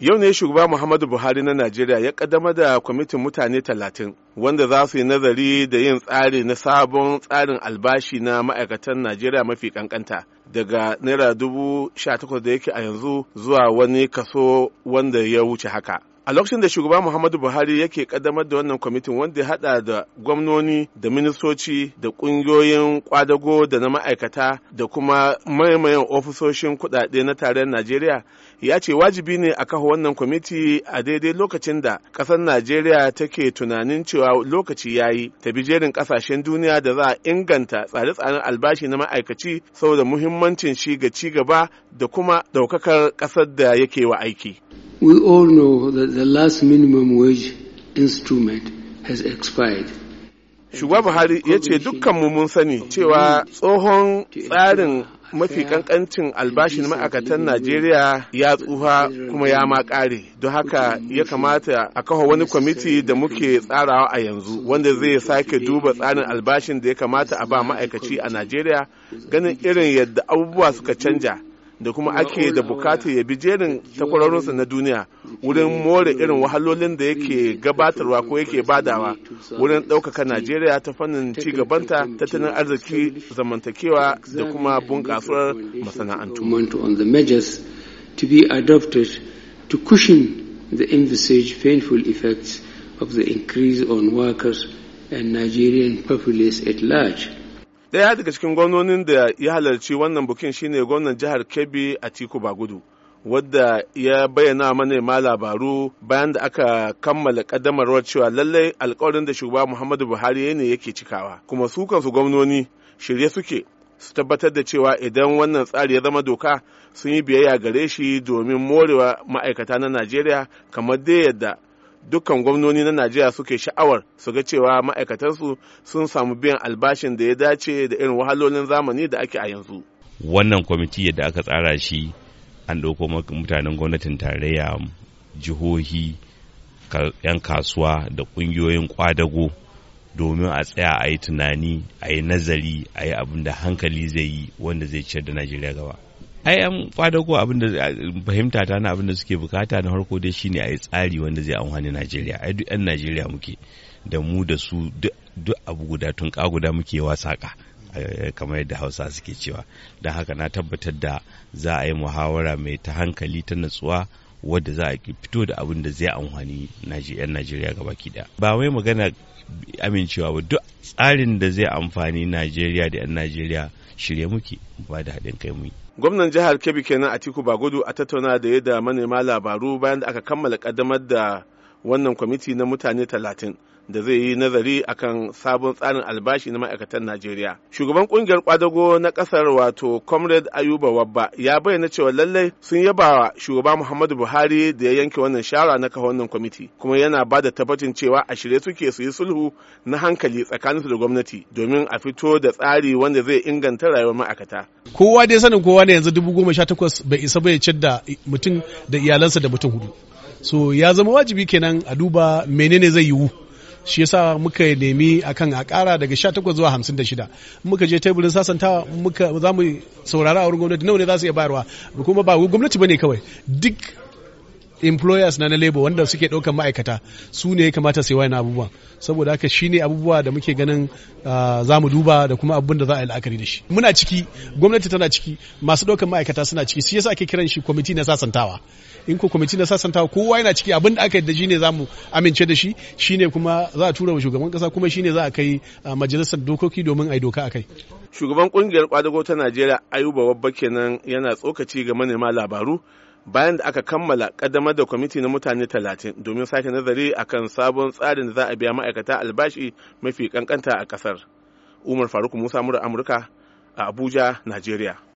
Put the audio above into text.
Yau ne shugaba Muhammadu Buhari na Najeriya ya kaddama da kwamitin mutane talatin wanda za su yi nazari da yin tsari na sabon tsarin albashi na ma'aikatan Najeriya mafi kankanta daga naira dubu sha takwas da yake a yanzu zuwa wani kaso wanda ya wuce haka. a lokacin da shugaba muhammadu buhari yake kaddamar da wannan kwamitin wanda ya hada da gwamnoni da ministoci da kungiyoyin kwadago da na ma'aikata da kuma maimayan ofisoshin kudade na tarayyar najeriya ya ce wajibi ne a kawo wannan kwamiti a daidai lokacin da kasar najeriya take tunanin cewa lokaci ya yi ta bi jerin kasashen duniya da za a inganta tsare-tsaren albashi na ma'aikaci saboda muhimmancin shi ga ci gaba da kuma daukakar ƙasar da yake wa aiki We all know that the last minimum wage instrument has expired. Shugaba Buhari ya ce dukkanmu mun sani cewa tsohon tsarin mafi kankancin albashin ma'aikatan Najeriya ya tsufa kuma ya ma ƙare. Don haka ya kamata a kawo wani kwamiti da muke tsarawa a yanzu wanda zai sake duba tsarin albashin da ya kamata a ba ma'aikaci a Najeriya ganin irin yadda abubuwa suka canja. da kuma ake da bukatar ya bi jerin takwarorinsa na duniya wurin more irin wahalolin da yake gabatarwa ko yake badawa wurin ɗaukaka najeriya ta fannin cigabanta tattalin arziki zamantakewa da kuma bunƙasar masana'antu to be adopted to cushion the envisaged painful effects of the increase on workers and Nigerian populace at large. Daya daga cikin gwamnonin da ya halarci wannan bukin shine gwamnan jihar Kebbi a Atiku Bagudu. wadda ya bayyana manema labaru bayan da aka kammala kaddamarwar cewa lallai alkawarin da shugaba Muhammadu Buhari ne yake cikawa kuma su kansu gwamnoni shirye suke su tabbatar da cewa idan wannan tsari ya zama doka sun yi biyayya gare shi domin morewa ma'aikata na Najeriya kamar dai yadda dukkan gwamnoni na najeriya suke sha'awar su ga cewa ma'aikatansu sun samu biyan albashin da ya dace da irin wahalolin zamani da ake a yanzu wannan kwamiti yadda aka tsara shi an ɗauko mutanen gwamnatin tarayya jihohi 'yan kasuwa da ƙungiyoyin kwadago domin a tsaya a yi tunani a yi nazari a yi abin da hankali zai yi wanda zai ciyar da najeriya gaba ai an ko abin da fahimta ta na abin da suke bukata na harko dai shine a yi tsari wanda zai amfani najeriya ai duk 'yan najeriya muke da mu da su duk abu guda tun guda muke wasaka eh, kamar yadda hausa suke cewa don haka na tabbatar da za a yi muhawara mai ta hankali ta natsuwa wadda za a fito da abin da zai amfani 'yan najeriya gaba daya ba wai magana amincewa ba duk tsarin da zai amfani najeriya da 'yan najeriya shirye muke ba da haɗin kai mu gwamnan jihar kebbi kenan atiku bagudu a tattauna da yadda manema labaru bayan da aka kammala kaddamar da wannan kwamiti na mutane talatin da zai yi nazari akan sabon tsarin albashi na ma'aikatan Najeriya. Shugaban kungiyar kwadago na kasar wato Comrade Ayuba Wabba ya bayyana cewa lallai sun yaba wa shugaba Muhammadu Buhari da ya yanke wannan shara na kawo wannan kwamiti kuma yana ba da tabbacin cewa a shirye suke su yi sulhu na hankali tsakaninsu da gwamnati domin a fito da tsari wanda zai inganta rayuwar ma'aikata. Kowa dai sanin kowa ne yanzu dubu goma sha takwas bai isa bai ciyar da mutum da iyalansa da mutum hudu. so ya zama wajibi kenan a duba menene zai yiwu shi yasa muka nemi akan a kara daga 18 zuwa 56 muka je teburin sasantawa muka za mu saurara a wurin gwamnati nawa ne za su iya bayarwa kuma ba gwamnati bane kawai duk employers na na labor wanda suke ɗaukan ma'aikata su ne kamata su yi wani abubuwa saboda haka shine abubuwa da muke ganin ah, za mu duba da kuma abin da za a yi la'akari da shi muna ciki gwamnati tana ciki masu ɗaukan ma'aikata suna ciki shi yasa ake kiran shi kwamiti na sasantawa in ko kwamiti na sasantawa kowa yana ciki abin da aka yadda shi ne za mu amince da shi shine kuma za a tura wa shugaban kasa kuma shine za a kai ah, majalisar dokoki domin a yi doka a kai shugaban kungiyar kwadago ta najeriya ayuba babba kenan yana tsokaci ga manema labaru bayan da aka kammala kaddamar da kwamiti na mutane talatin domin sake nazari akan sabon tsarin da za a biya ma'aikata albashi mafi kankanta a kasar umar faruk musa mura amurka a abuja najeriya